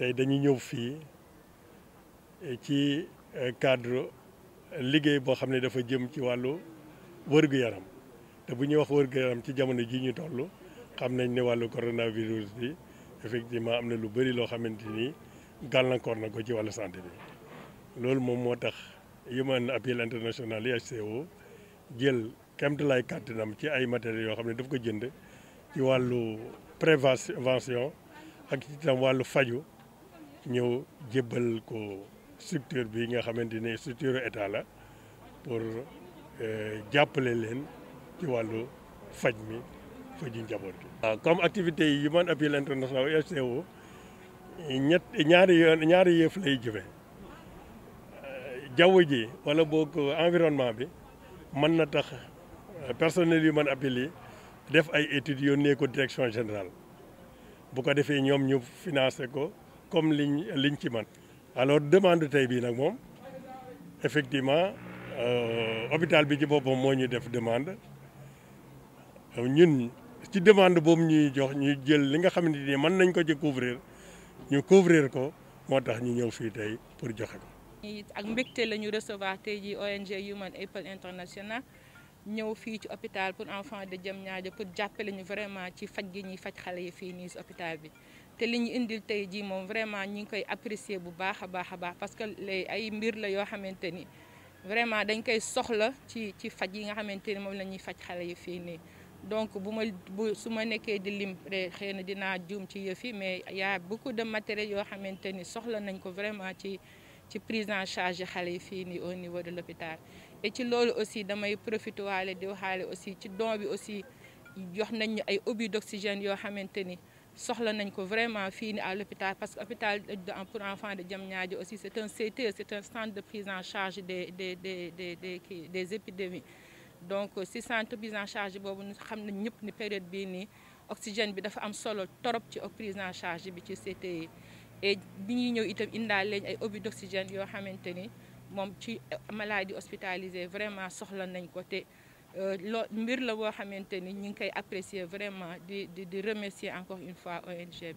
tey dañu ñëw fii eh, ci eh, cadre liggéey boo xam ne dafa jëm ci wàllu wërgu yaram te bu ñuy wax wërgu yaram ci jamono ji ñu toll xam nañ ni wàllu coronavirus bi effectivement am na lu bari loo xamante ni gàllankoor na ko ci wàllu santé bi loolu moom moo tax Human Appeal International IHCO jël kemtalaay kàttanam ci ay matériels yoo xam ne daf ko jënd ci wàllu prévention ak ci wàllu faju ñëw jébbal ko structure bi nga xamante ne structure état la pour euh, jàppale leen ci wàllu faj mi faju njaboot gi. waaw ah, comme activité yi Human Appeal International UACO ñett ñaari yoon ñaari yëf lay jëfe euh, jaww ji wala boog environnement bi mën na tax euh, personnel Human Appeal yi def ay études yónnee ko direction général bu ko defee ñoom ñu financé ko. comme liñ liñ ci man alors demande tey bii nag moom effectivement euh, hôpital bi ci boppam moo ñu def demande euh, ñun ci demande boobu ñuy jox ñu jël li nga xamante ni mën nañ ko ci couvrir ñu couvrir ko moo tax ñu ñëw fii tey pour joxe ko. ak mbégte la ñu recevoir tey jii ONG Human Apple International ñëw fii ci hôpital pour enfants de Diamniadio pour jàppale ñu vraiment ci faj gi ñuy faj xale yi fii nii si hôpital bi. te li ñu indil tey jii moom vraiment ñu ngi koy apprécier bu baax a baax a baax parce que ay mbir la yoo xamante ni vraiment dañ koy soxla ci ci faj yi nga xamante ni moom la ñuy faj xale yi fii nii donc bu ma bu su ma nekkee di lim xëy na dinaa juum ci yëf mais yaa bu beaucoup de matériel yoo xamante ni soxla nañ ko vraiment ci ci prise en charge xale yi fii nii au niveau de l'hôpital et ci loolu aussi damay profité waale di waxaale aussi ci don bi aussi jox nañ ñu ay obus d'oxygène yoo xamante ni soxla nañ ko vraiment fii ni à l'hôpital parce que hôpital pour enfants de Diamniadio aussi c'est un CTE c'est un centre de prise en charge des des des des des des épidémies donc euh, si centre de prise en charge boobu xam nañ ñëpp ni période bi nii oxygène bi dafa am solo torop ci prise en charge bi ci CTE et bi ñuy ñëw itam indaal leen ay obus d'oxygène yoo xamante ni moom ci maladie hospitalisée vraiment soxla nañ ko te Euh, loo mbir la boo xamante ni ñu ngi koy apprécier vraiment di di di remercier encore une fois ONG